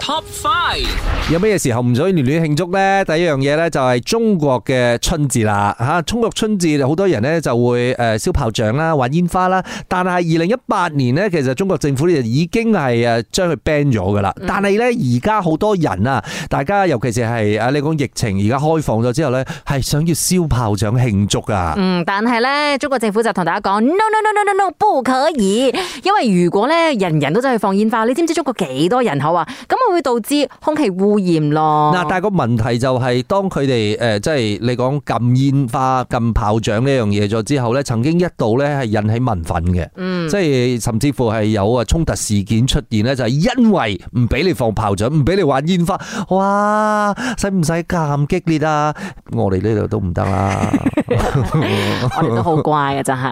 Top Five 有咩嘢時候唔可以亂亂慶祝呢？第一樣嘢呢，就係中國嘅春節啦吓，中國春節就好多人呢，就會誒燒炮仗啦、玩煙花啦。但係二零一八年呢，其實中國政府呢已經係誒將佢 ban 咗噶啦。但係呢，而家好多人啊，大家尤其是係啊你講疫情而家開放咗之後呢，係想要燒炮仗慶祝啊。嗯，但係呢，中國政府就同大家講 No No No No No No，不可以，因為如果呢，人人都走去放煙花，你知唔知中國幾多人口啊？咁啊，會導致空氣污染咯。嗱，但係個問題就係，當佢哋誒，即係你講禁煙花、禁炮仗呢樣嘢咗之後咧，曾經一度咧係引起民憤嘅，嗯，即係甚至乎係有啊衝突事件出現咧，就係因為唔俾你放炮仗，唔俾你玩煙花，哇，使唔使咁激烈啊？我哋呢度都唔得啦，我哋都好乖嘅，真係，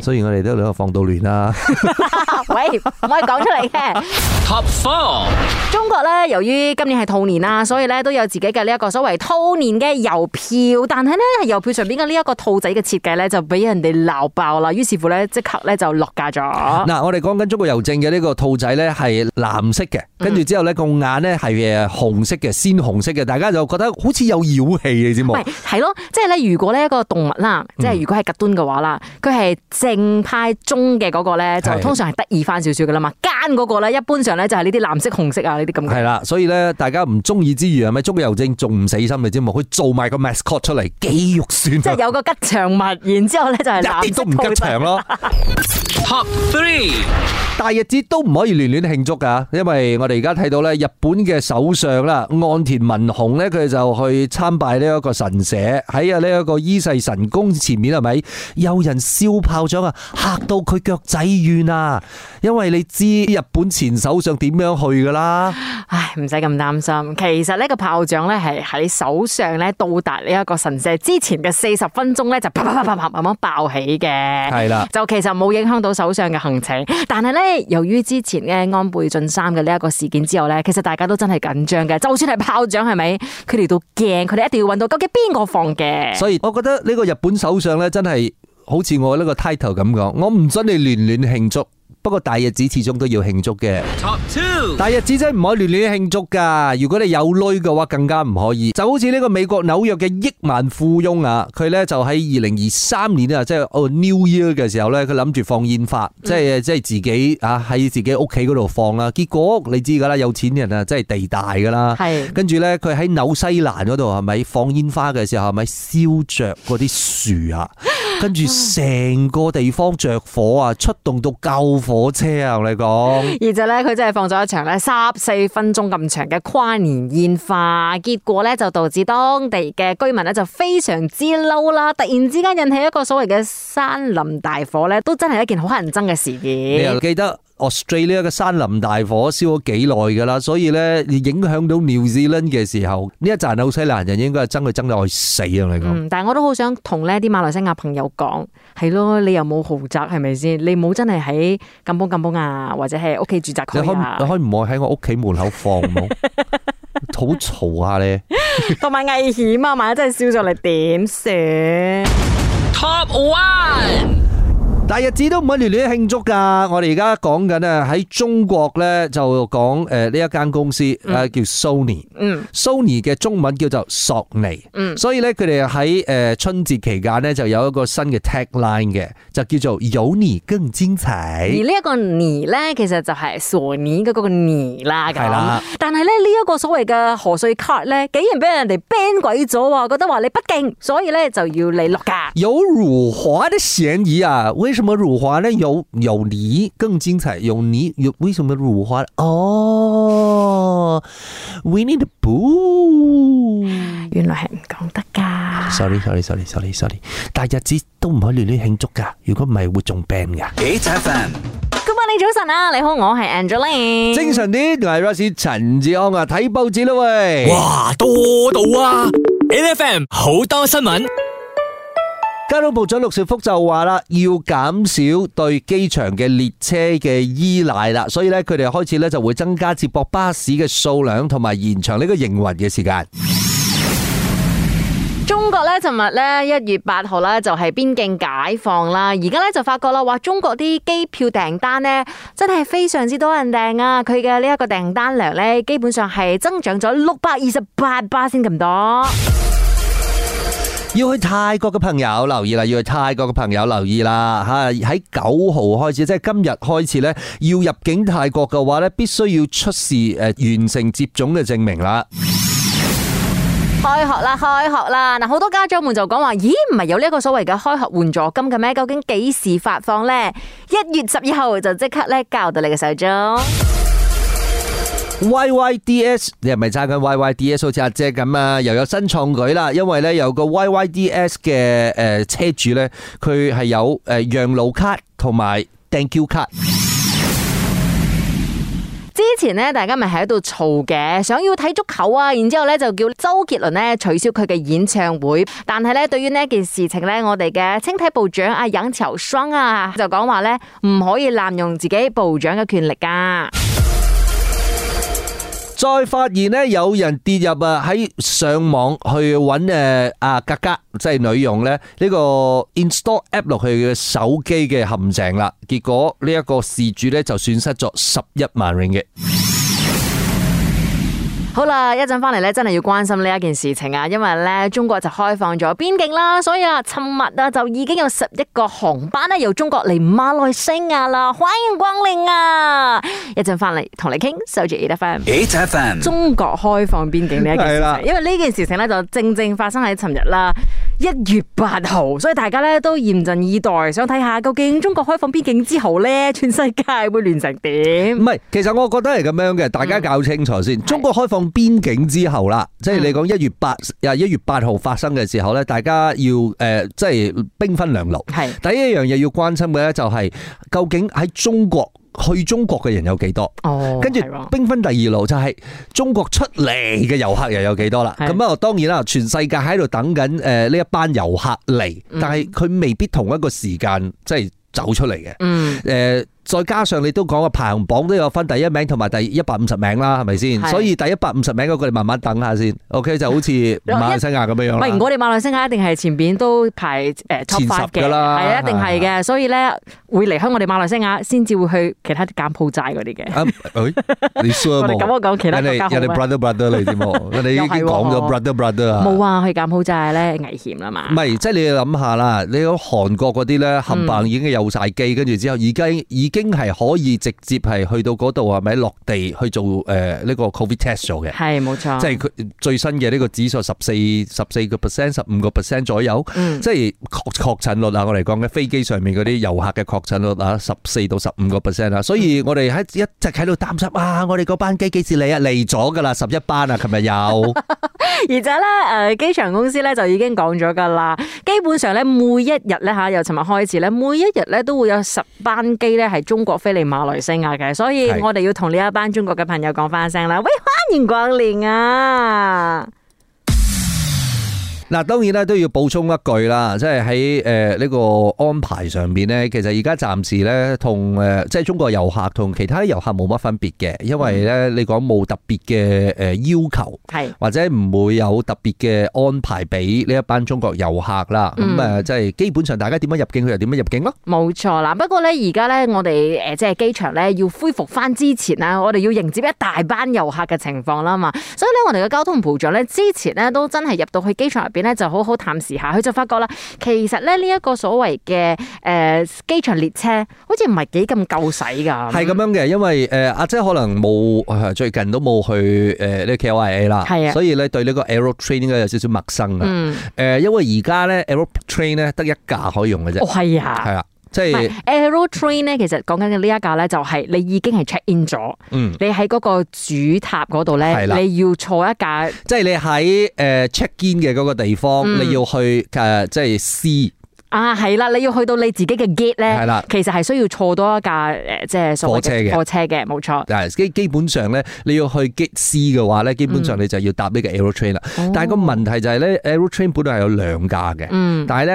雖然我哋都兩個放到亂啦。喂，唔可以講出嚟嘅。Top Four。中國咧，由於今年係兔年啦，所以咧都有自己嘅呢一個所謂兔年嘅郵票，但係呢，郵票上邊嘅呢一個兔仔嘅設計呢，就俾人哋鬧爆啦，於是乎呢，即刻呢就落架咗。嗱，我哋講緊中國郵政嘅呢個兔仔呢，係藍色嘅，跟住之後呢，個眼呢係紅色嘅，鮮紅色嘅，大家就覺得好似有妖氣嘅，知冇？係咯，即係咧如果呢一個動物啦，即係如果係極端嘅話啦，佢係、嗯、正派中嘅嗰個呢，就通常係得意翻少少噶啦嘛，奸嗰個呢，一般上咧就係呢啲藍色紅色啊。係啦 所以咧，大家唔中意之餘，係咪中國郵政仲唔死心嚟之嘛？佢做埋個 mascot 出嚟，肌肉酸，即係有個吉祥物，然之後咧就係一啲都唔吉祥咯。Top three。大日子都唔可以亂亂慶祝噶因為我哋而家睇到咧，日本嘅首相啦，岸田文雄咧，佢就去參拜呢一個神社喺，啊呢一個伊勢神宮前面係咪？有人燒炮仗啊，吓到佢腳仔軟啊！因為你知日本前首相點樣去噶啦，唉，唔使咁擔心。其實呢個炮仗咧係喺首相咧到達呢一個神社之前嘅四十分鐘咧就啪啪啪啪啪慢慢爆起嘅。係啦，就其實冇影響到首相嘅行程，但係咧。由於之前嘅安倍晉三嘅呢一個事件之後咧，其實大家都真係緊張嘅。就算係炮仗係咪，佢哋都驚，佢哋一定要揾到，究竟邊個放嘅？所以我覺得呢個日本首相咧，真係好似我呢個 title 咁講，我唔准你亂亂慶祝，不過大日子始終都要慶祝嘅。大日子真係唔可以亂亂慶祝噶，如果你有女嘅話更加唔可以。就好似呢個美國紐約嘅億萬富翁啊，佢呢就喺二零二三年啊，即係 New Year 嘅時候呢，佢諗住放煙花，即係即係自己啊喺自己屋企嗰度放啦。結果你知噶啦，有錢人啊，即係地大噶啦，跟住呢，佢喺紐西蘭嗰度係咪放煙花嘅時候係咪燒着嗰啲樹啊？跟住成個地方着火啊，出動到救火車啊，我哋講。而就咧，佢真係放咗一場咧，十四分鐘咁長嘅跨年煙花，結果咧就導致當地嘅居民咧就非常之嬲啦。突然之間引起一個所謂嘅山林大火咧，都真係一件好乞人憎嘅事件。你又記得？Australia 呢一個山林大火燒咗幾耐噶啦，所以咧你影響到 New Zealand 嘅時候，呢一陣紐西蘭人應該係爭佢爭到去死啊，你講。嗯，但係我都好想同咧啲馬來西亞朋友講，係咯，你又冇豪宅係咪先？你冇真係喺金邦金邦啊，或者係屋企住宅區啊，你可以唔好喺我屋企門口放，好嘈下咧，同埋危險啊！萬一真係燒咗你點算？Top one。大日子都唔可以亂亂慶祝噶。我哋而家講緊啊，喺中國咧就講誒呢一間公司啊叫 Sony。嗯，Sony 嘅中文叫做索尼。嗯，所以咧佢哋喺誒春節期間咧就有一個新嘅 tagline 嘅，就叫做有你更精彩。而呢一個你咧，其實就係索尼嘅嗰個你啦。係啦的。但係咧呢一個所謂嘅賀歲 card 咧，竟然俾人哋 ban 鬼咗啊！覺得話你不敬，所以咧就要你落架。有辱華的嫌疑啊！為什麼乳化咧？有有你，更精彩，有你，有為什麼乳化哦，we need to boom，原來係唔講得噶。Sorry，sorry，sorry，sorry，sorry，sorry, sorry, sorry, sorry. 但日子都唔可以亂亂慶祝噶，如果唔係會中病噶。N F M，各位你早晨啊，你好，我係 Angeline，精神啲同埋 Russ 陳志安啊，睇報紙啦喂，哇多到啊，N F M 好多新聞。交通部長陸兆福就話啦，要減少對機場嘅列車嘅依賴啦，所以咧佢哋開始咧就會增加接駁巴士嘅數量，同埋延長呢個營運嘅時間。中國咧，尋日咧一月八號咧就係邊境解放啦，而家咧就發覺啦，話中國啲機票訂單呢，真係非常之多人訂啊，佢嘅呢一個訂單量咧基本上係增長咗六百二十八巴仙咁多。要去泰國嘅朋友留意啦！要去泰國嘅朋友留意啦！吓喺九號開始，即係今日開始咧，要入境泰國嘅話咧，必須要出示誒完成接種嘅證明啦。開學啦，開學啦！嗱，好多家長們就講話：咦，唔係有呢一個所謂嘅開學援助金嘅咩？究竟幾時發放呢？一月十二號就即刻咧，交到你嘅手中。Y Y D S，你係咪揸緊 Y Y D S 好似阿姐咁啊？又有新創舉啦，因為咧有個 Y Y D S 嘅誒車主咧，佢係有誒讓路卡同埋 thank you 卡。之前呢，大家咪喺度嘈嘅，想要睇足球啊，然之後咧就叫周杰倫咧取消佢嘅演唱會。但係咧，對於呢件事情咧，我哋嘅青體部長阿楊巧雙啊，就講話咧唔可以濫用自己部長嘅權力噶、啊。再發現，呢有人跌入啊，喺上網去揾誒啊格格，即係女傭呢，呢個 install app 落去嘅手機嘅陷阱啦。結果呢一個事主呢就損失咗十一萬元嘅。好啦，一陣翻嚟咧，真係要關心呢一件事情啊，因為咧中國就開放咗邊境啦，所以啊，尋日啊就已經有十一個航班咧由中國嚟馬來西亞啦，歡迎光臨啊！一陣翻嚟同你傾，收住 E F M，E F M，中國開放邊境呢一件事情，因為呢件事情咧就正正發生喺尋日啦。一月八號，所以大家咧都嚴陣以待，想睇下究竟中國開放邊境之後呢，全世界會亂成點？唔係，其實我覺得係咁樣嘅，大家搞清楚先。嗯、中國開放邊境之後啦，即係是你講一月八日一月八號發生嘅時候呢，大家要誒，即係兵分兩路。係是第一樣嘢要關心嘅呢，就係究竟喺中國。去中國嘅人有幾多？哦，跟住兵分第二路，就係中國出嚟嘅遊客又有幾多啦？咁啊的，當然啦，全世界喺度等緊誒呢一班遊客嚟，但係佢未必同一個時間即係走出嚟嘅。嗯，誒、呃。再加上你都講個排行榜都有分第一名同埋第一百五十名啦，係咪先？是所以第一百五十名嗰個你慢慢等下先。OK，就好似馬來西亞咁樣啦。我哋馬來西亞一定係前邊都排誒、前、十嘅，係一定係嘅。所以咧會離開我哋馬來西亞，先至會去其他柬埔寨嗰啲嘅。你輸咗冇？ 我咁我講其他 你你 br brother brother 你 你已經講咗 br brother brother 啊？冇啊、 哦，冇話去柬埔寨咧危險啊嘛。唔係，即係你要諗下啦。你講韓國嗰啲咧，冚唪已經有晒機，跟住之後而家已經，已經係可以直接係去到嗰度啊，係咪落地去做誒呢、呃這個 Covid test 咗嘅，係冇錯。即係佢最新嘅呢個指數十四十四個 percent，十五個 percent 左右，即係確確診率啊！我嚟講嘅飛機上面嗰啲遊客嘅確診率啊，十四到十五個 percent 啊！嗯、所以我哋喺一直喺度擔心啊！我哋嗰班機幾時嚟啊？嚟咗噶啦，十一班啊！琴日有。 而且咧，誒，機場公司咧就已經講咗噶啦，基本上咧每一日咧吓，由尋日開始咧，每一日咧都會有十班機咧係。中國飛嚟馬來西亞嘅，所以我哋要同呢一班中國嘅朋友講翻聲啦，喂，歡迎光臨啊！嗱，當然咧都要補充一句啦，即係喺誒呢個安排上邊咧，其實而家暫時咧同誒即係中國遊客同其他遊客冇乜分別嘅，因為咧你講冇特別嘅誒要求，係或者唔會有特別嘅安排俾呢一班中國遊客啦。咁誒，即係基本上大家點樣入境佢就點樣入境咯。冇錯啦，不過咧而家咧我哋誒即係機場咧要恢復翻之前呀，我哋要迎接一大班遊客嘅情況啦嘛。所以咧我哋嘅交通部長咧之前咧都真係入到去機場入邊。咧就好好探視一下，佢就發覺啦，其實咧呢一、這個所謂嘅誒、呃、機場列車，好似唔係幾咁夠使噶。係咁樣嘅，因為誒阿、呃、姐、姐可能冇最近都冇去誒呢 KOA 啦，係、呃、啊，的所以咧對呢個 Aero、er、Train 應該有少少陌生噶。誒、嗯呃，因為而家咧 Aero、er、Train 咧得一架可以用嘅啫。哦，係啊，係啊。即係 Aero Train 咧，其實講緊嘅呢一架咧，就係你已經係 check in 咗，嗯、你喺嗰個主塔嗰度咧，你要坐一架，即係、就是、你喺誒 check in 嘅嗰個地方，嗯、你要去誒即係 C。呃就是啊，係啦，你要去到你自己嘅 gate 咧，其實係需要坐多一架誒，即係火車嘅火車嘅，冇錯。係基基本上咧，你要去 gate C 嘅話咧，基本上你就要搭呢個 Aerotrain 啦。但係個問題就係咧，Aerotrain 本來係有兩架嘅，但係咧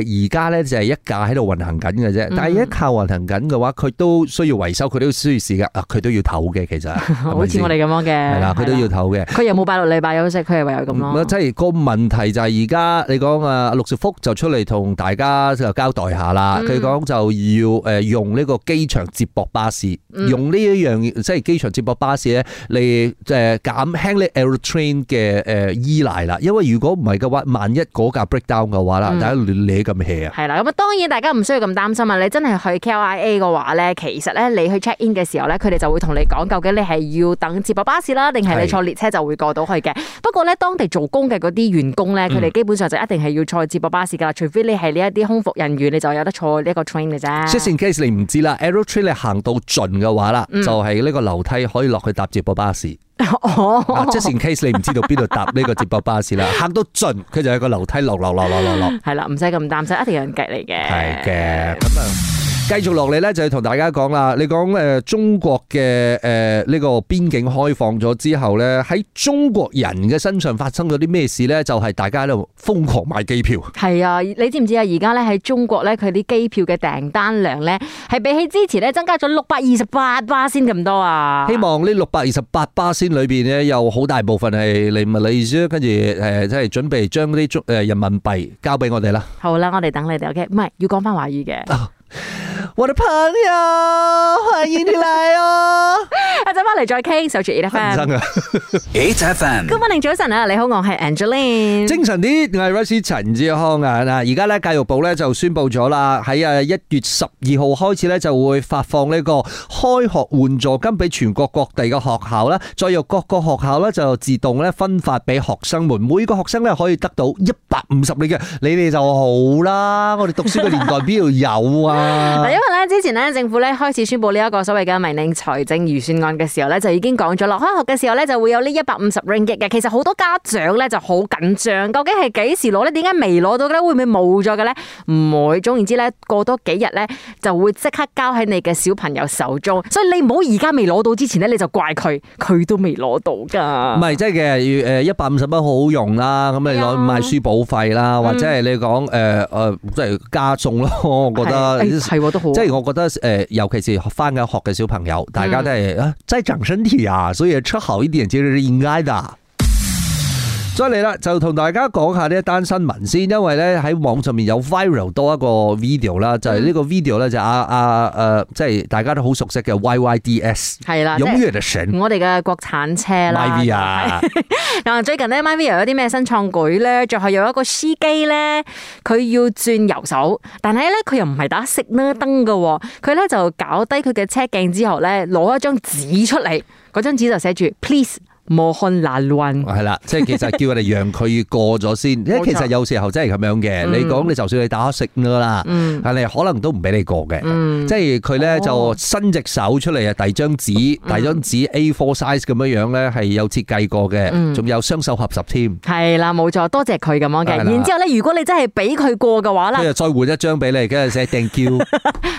誒而家咧就係一架喺度運行緊嘅啫。但係一靠運行緊嘅話，佢都需要維修，佢都需要時間，啊佢都要唞嘅其實。好似我哋咁樣嘅。係啦，佢都要唞嘅。佢又冇拜六禮拜休息？佢係唯有咁咯。即係個問題就係而家你講啊，陸兆福就出嚟同。大家就交代下啦。佢講就要誒用呢個機場接駁巴士，用呢一樣，即係機場接駁巴士咧，你即係減輕你 airtrain、er、嘅誒依賴啦。因為如果唔係嘅話，萬一嗰架 breakdown 嘅話啦，大家亂咁 hea 啊。係啦，咁啊當然大家唔需要咁擔心啊。你真係去 KLIA 嘅話咧，其實咧你去 check in 嘅時候咧，佢哋就會同你講究竟你係要等接駁巴士啦，定係你坐列車就會過到去嘅。是的 不過咧，當地做工嘅嗰啲員工咧，佢哋基本上就一定係要坐接駁巴士噶啦，除非你係。呢一啲空服人員，你就有得坐呢個 train 嘅啫。Just in case 你唔知啦，AeroTrain 你行到盡嘅話啦，嗯、就係呢個樓梯可以落去搭接駁巴士。哦，Just in case 你唔知道邊度搭呢個接駁巴士啦，行 到盡，佢就係個樓梯落落落落落落。係啦，唔使咁擔心，一定有人隔你嘅。係嘅。這樣繼續落嚟咧，就要同大家講啦。你講誒，中國嘅，誒呢個邊境開放咗之後咧，喺中國人嘅身上發生咗啲咩事咧？就係大家咧瘋狂買機票。係啊，你知唔知啊？而家咧喺中國咧，佢啲機票嘅訂單量咧，係比起之前咧增加咗六百二十八巴仙咁多啊！希望呢六百二十八巴仙裏邊咧，有好大部分係嚟馬來西亞，跟住誒，即係準備將啲誒人民幣交俾我哋啦。好啦，我哋等你哋。O K，唔係要講翻華語嘅。 我的朋友，歡迎你來哦！阿仔翻嚟再傾，守住 H F M。真啊，H F M。咁歡迎早晨啊！你好，我係 Angeline。精神啲，係 Russie 陳志康啊！嗱，而家咧，教育部咧就宣布咗啦，喺啊一月十二號開始咧，就會發放呢個開學援助金俾全國各地嘅學校啦。再由各個學校咧就自動咧分發俾學生們，每個學生咧可以得到一百五十令吉，你哋就好啦。我哋讀書嘅年代邊度有啊？嗱，因為。之前咧，政府咧開始宣布呢一個所謂嘅明令財政預算案嘅時候咧，就已經講咗落開學嘅時候咧就會有呢一百五十 ringgit 嘅。其實好多家長咧就好緊張，究竟係幾時攞咧？點解未攞到嘅咧？會唔會冇咗嘅咧？唔會，總言之咧，過多幾日咧就會即刻交喺你嘅小朋友手中。所以你唔好而家未攞到之前咧，你就怪佢，佢都未攞到㗎。唔係即係嘅，誒一百五十蚊好用啦，咁你攞買書補費啦，或者係你講誒誒即係加重咯，我覺得係都好。即係我覺得誒、呃，尤其是翻緊學嘅小朋友，大家都係啊，真係長身體啊，所以食好一點，其實係應該的。再嚟啦，就同大家講下呢一單新聞先，因為咧喺網上面有 viral 多一個 video 啦，就係呢個 video 咧就是啊啊誒、呃，即係大家都好熟悉嘅 Y Y D S 係啦了，永遠嘅神，我哋嘅國產車啦。Myvi 啊，但 最近咧 Myvi 有啲咩新創舉咧？仲係有一個司機咧，佢要轉右手，但係咧佢又唔係打熄呢燈㗎，佢咧就搞低佢嘅車鏡之後咧，攞一張紙出嚟，嗰張紙就寫住 Please。冇可能亂係啦，即係其實叫佢哋讓佢過咗先。即係其實有時候真係咁樣嘅。你講你就算你打食啦，但你可能都唔俾你過嘅。即係佢咧就伸隻手出嚟啊！第二張紙，第二張紙 A4 size，咁樣樣咧係有設計過嘅，仲有雙手合十添。係啦，冇錯，多謝佢咁樣嘅。然之後咧，如果你真係俾佢過嘅話啦，佢又再換一張俾你，跟住寫 thank you。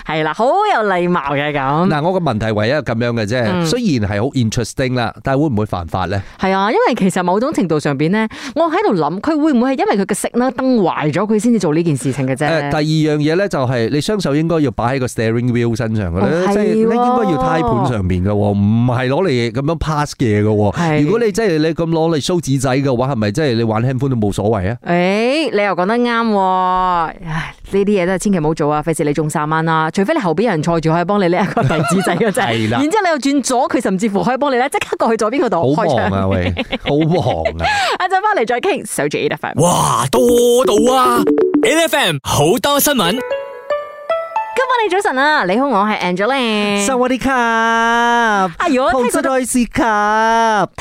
係啦，好有禮貌嘅咁。嗱，我個問題唯一咁樣嘅啫，雖然係好 interesting 啦，但係會唔會犯法？係啊，因為其實某種程度上邊咧，我喺度諗，佢會唔會係因為佢嘅色咧燈壞咗，佢先至做呢件事情嘅啫。第二樣嘢咧就係你雙手應該要擺喺個 steering wheel 身上嘅咧，即係咧應該要胎盤上邊嘅，唔係攞嚟咁樣 pass 嘢嘅。係、啊，如果你即係你咁攞嚟 show 紙仔嘅話，係咪即係你玩 handphone 都冇所謂啊？誒、哎，你又講得啱、啊，唉，呢啲嘢都係千祈唔好做啊，費事你中三蚊啦、啊。除非你後邊有人坐住可以幫你拎一個大紙仔嘅啫， 是的然之後你又轉左，佢甚至乎可以幫你咧，即刻過去左邊嗰度。忙 啊，啊，喂，好忙啊！一陣翻嚟再傾，守住 A F M。哇，多到啊，A F M 好多新聞。你好早晨啊，你好，我係 Angela。多謝你哋，阿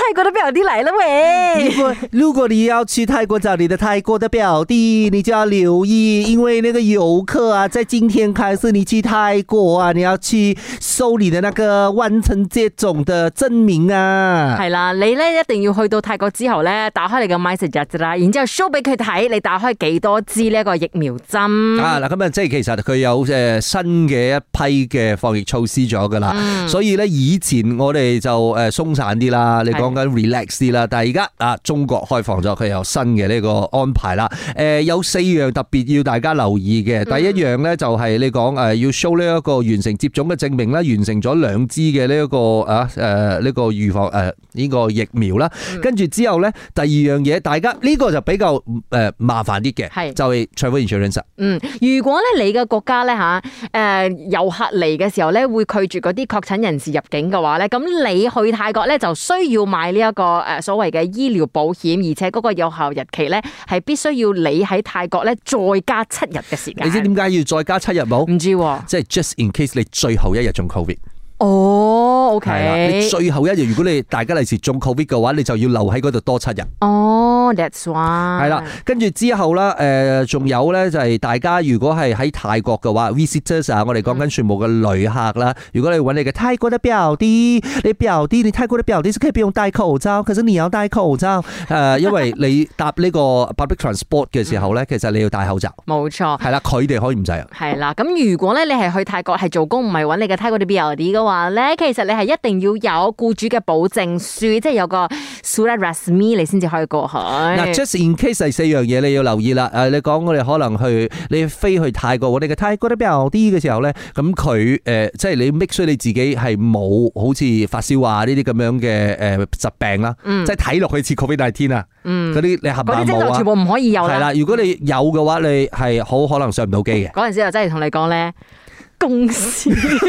泰國都表弟嚟啦喂。 如果如果你要去泰國找你的泰國的表弟，你就要留意，因為那個遊客啊，在今天開始，你去泰國啊，你要去收你的那個完成接種的證明啊。係啦，你咧一定要去到泰國之後咧，打開你個 message 啦，然之後 show 俾佢睇，你打開幾多支呢個疫苗針。啊，嗱，咁啊，即係其實佢有誒新。呃新嘅一批嘅防疫措施咗噶啦，所以咧以前我哋就誒鬆散啲啦，你講緊 relax 啲啦，是但係而家啊中國開放咗，佢有新嘅呢個安排啦。誒、呃，有四樣特別要大家留意嘅，嗯、第一樣咧就係你講誒要 show 呢一個完成接種嘅證明啦，完成咗兩支嘅呢一個啊誒呢個預防誒呢、呃這個疫苗啦，嗯、跟住之後咧第二樣嘢，大家呢、這個就比較誒麻煩啲嘅，係是就係 travel insurance。嗯，如果咧你嘅國家咧吓。誒，遊客嚟嘅時候咧，會拒絕嗰啲確診人士入境嘅話咧，咁你去泰國咧就需要買呢一個誒所謂嘅醫療保險，而且嗰個有效日期咧係必須要你喺泰國咧再加七日嘅時間。你知點解要再加七日冇？唔知、啊，即係 just in case 你最後一日中 COVID。哦、oh，OK 啦，你最後一日，如果你大家嚟時中 COVID 嘅話，你就要留喺嗰度多七日。哦，that's why。係啦，跟住之後啦，仲、呃、有咧就係、是、大家如果係喺泰國嘅話、mm.，visitors 啊，我哋講緊全部嘅旅客啦。如果你揾你嘅泰國啲表弟，你表弟，你泰國啲表弟，你可以唔用戴口罩，其實你有戴口罩、 呃。因為你搭呢個 public transport 嘅時候咧，mm. 其實你要戴口罩。冇錯。係啦，佢哋可以唔使啊。係啦， 咁如果咧你係去泰國係做工，唔係揾你嘅泰國啲表弟嘅話。話咧，其實你係一定要有僱主嘅保證書，即係有個 surat rasmi，你先至可以過去。嗱，just in case 係四樣嘢你要留意啦。誒，你講我哋可能去，你飛去泰國，我哋嘅泰國都比較啲嘅時候咧，咁佢誒，即係你 make sure 你自己係冇好似發燒啊呢啲咁樣嘅誒疾病啦，嗯、即係睇落去似 COVID 大天啊，嗰啲，嗯、你合唔嗰啲全部唔可以有。係啦，啊，如果你有嘅話，你係好可能上唔到機嘅。嗰陣，嗯、時我真係同你講咧。公司，死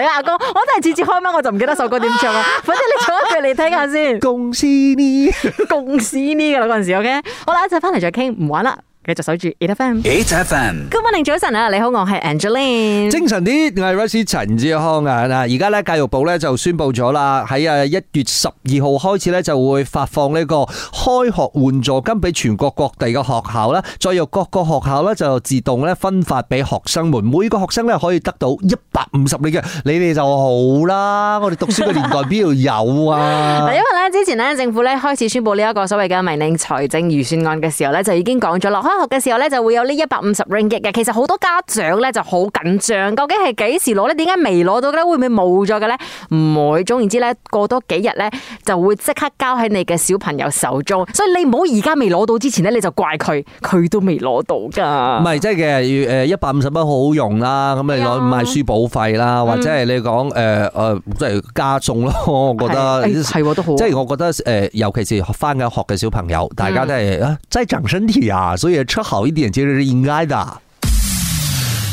阿 哥，哥，我真係次次開麥我就唔記得首歌點唱啊！反正你唱一句嚟聽下先。公司呢？公司呢？噶啦嗰陣時，OK，好啦，一陣翻嚟再傾，唔玩啦。就守住 Eight FM，Eight FM，Good morning，早晨啊，你好，我係 Angeline。精神啲，我係 Rosie 陳志康啊。嗱，而家咧教育部咧就宣布咗啦，喺啊一月十二號開始咧就會發放呢個開學援助金俾全國各地嘅學校啦，再由各個學校咧就自動咧分發俾學生們，每個學生咧可以得到一百五十厘嘅，你哋就好啦。我哋讀書嘅年代 必要有啊？因為咧之前咧政府咧開始宣布呢一個所謂嘅明令財政預算案嘅時候咧就已經講咗落。學嘅時候咧就會有呢一百五十 ringgit 嘅，其實好多家長咧就好緊張，究竟係幾時攞咧？點解未攞到咧？會唔會冇咗嘅咧？唔會，總言之咧，過多幾日咧就會即刻交喺你嘅小朋友手中，所以你唔好而家未攞到之前咧，你就怪佢，佢都未攞到噶。唔係即係嘅，誒一百五十蚊，好好用啦，咁你攞買書簿費啦，或者係你講誒誒即係加餸咯，我覺得係都好，即係我覺得誒、呃，尤其是翻緊學嘅小朋友，大家都係即、嗯啊、真係長身體啊，所以。吃好一點，其實是應該的。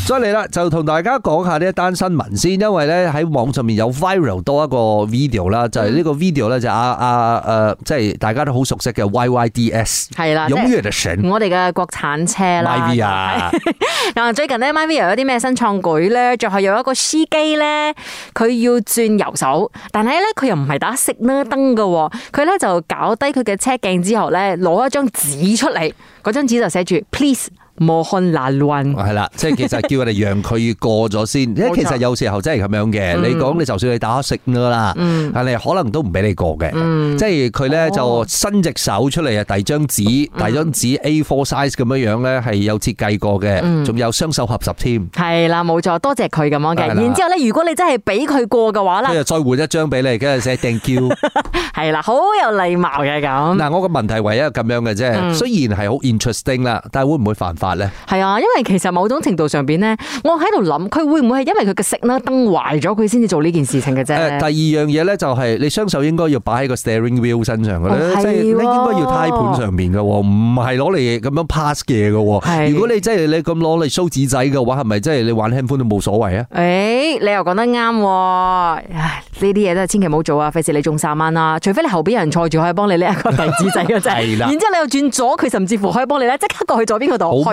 再嚟啦，就同大家講下呢一單新聞先，因為咧喺網上面有 viral 多一個 video 啦，就係呢個 video 咧，就啊啊誒，即係大家都好熟悉嘅 YYDS 係啦，永遠嘅神，我哋嘅國產車啦。Myvi 啊，但最近咧 Myvi 有啲咩新創舉咧，就係有一個司機咧，佢要轉右手，但係咧佢又唔係打熄呢燈嘅，佢咧就搞低佢嘅車鏡之後咧，攞一張紙出嚟，嗰張紙就寫住 Please。莫漢難運係啦，即係其實叫佢哋讓佢過咗先。即係其實有時候真係咁樣嘅。你講你就算你打食啦，嗯，但係可能都唔俾你過嘅。嗯，即係佢咧就伸隻手出嚟啊，第二張紙，第二張紙 A4 size 咁樣樣咧係有設計過嘅，嗯，仲有雙手合十添。係啦，冇錯，多謝佢咁樣嘅。然之後咧，如果你真係俾佢過嘅話咧，佢又再換一張俾你，跟住寫 Thank you。係啦，好有禮貌嘅咁。嗱，我個問題唯一係咁樣嘅啫，雖然係好 interesting 啦，但係會唔會犯法？係啊，因為其實某種程度上邊咧，我喺度諗，佢會唔會係因為佢嘅 signal 燈壞咗，佢先至做呢件事情嘅啫、呃。第二樣嘢咧就係你雙手應該要擺喺個 steering wheel 身上嘅咧，即係咧應該要胎盤上邊嘅，唔係攞嚟咁樣 pass 嘢嘅。是如果你真係你咁攞嚟收紙仔嘅話，係咪真係你玩 handphone 都冇所謂啊？誒、哎，你又講得啱，啊，唉，呢啲嘢都係千祈唔好做啊！費事你中 saman 啦，除非你後邊有人坐住可以幫你呢一個遞紙仔嘅啫。係 的然之後你又轉左，佢甚至乎可以幫你咧，即刻過去咗邊個檔。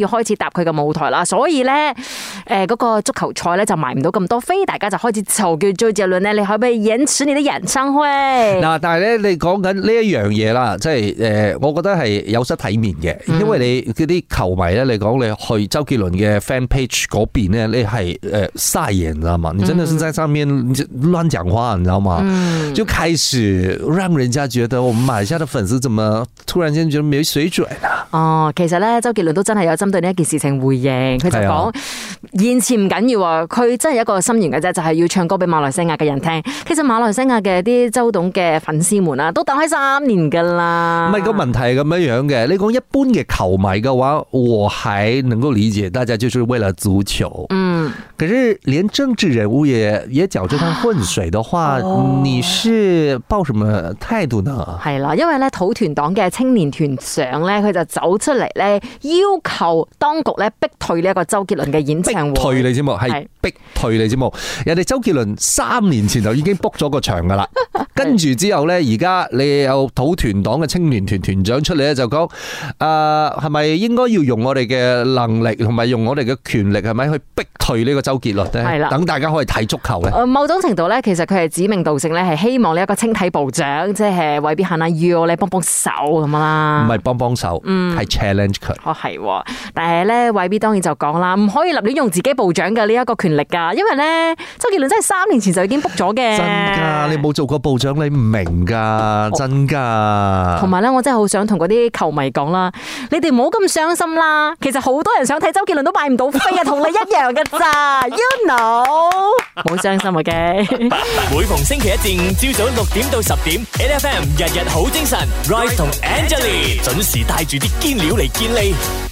要開始搭佢嘅舞台啦，所以呢。誒，嗰、那個足球賽咧就買唔到咁多飛，大家就開始就叫周杰倫呢，你可唔可以延遲你的人生？會嗱，但係咧，你講緊呢一樣嘢啦，即係誒，我覺得係有失體面嘅，因為你嗰啲球迷咧，你講你去周杰倫嘅 fan page 嗰邊呢，你係誒撒野，嘛、呃，你真係身在上面亂講話，嗯、你知道嘛？就開始讓人家覺得，我馬來西亞嘅粉絲怎麼突然間覺得沒水準啊？哦，其實咧，周杰倫都真係有針對呢一件事情回應，佢就講。現前唔緊要啊，佢真係一個心願嘅啫，就係、是、要唱歌俾馬來西亞嘅人聽。其實馬來西亞嘅啲周董嘅粉絲們啊，都等開三年噶啦。唔係個問題係咁樣樣嘅，你講一般嘅球迷嘅話，我係能夠理解大家就是為了足球。嗯。可是連政治人物也也攪這趟混水的話，你是抱什麼態度呢？係啦，因為咧，土團黨嘅青年團長咧，佢就走出嚟咧，要求當局咧逼退呢一個周杰倫嘅演唱會，退你知冇？係。逼退你知冇？人哋周杰倫三年前就已經 book 咗個場噶啦，跟住之後咧，而家你有土團黨嘅青年團團長出嚟咧，就講誒，係咪應該要用我哋嘅能力同埋用我哋嘅權力，係咪去逼退呢個周杰倫咧？係啦的，等大家可以睇足球咧、呃。某種程度咧，其實佢係指名道姓咧，係希望呢一個青體部長，即係韋必杏啊，要我咧幫幫手咁樣啦。唔係幫幫手，嗯，係 challenge 佢。哦，係，但係咧，韋必當然就講啦，唔可以立亂用自己部長嘅呢一個權。.力噶，因為咧周杰倫真係三年前就已經 book 咗嘅。真噶，你冇做過部長，你唔明噶，真噶。同埋咧，我真係好想同嗰啲球迷講啦，你哋唔好咁傷心啦。其實好多人想睇周杰倫都買唔到飛啊，同你一樣噶咋，You know，唔好傷心啊，機。每逢星期一至五朝早六點到十點，NFM 日日好精神，Rise 同 Angelie 準時帶住啲堅料嚟堅你。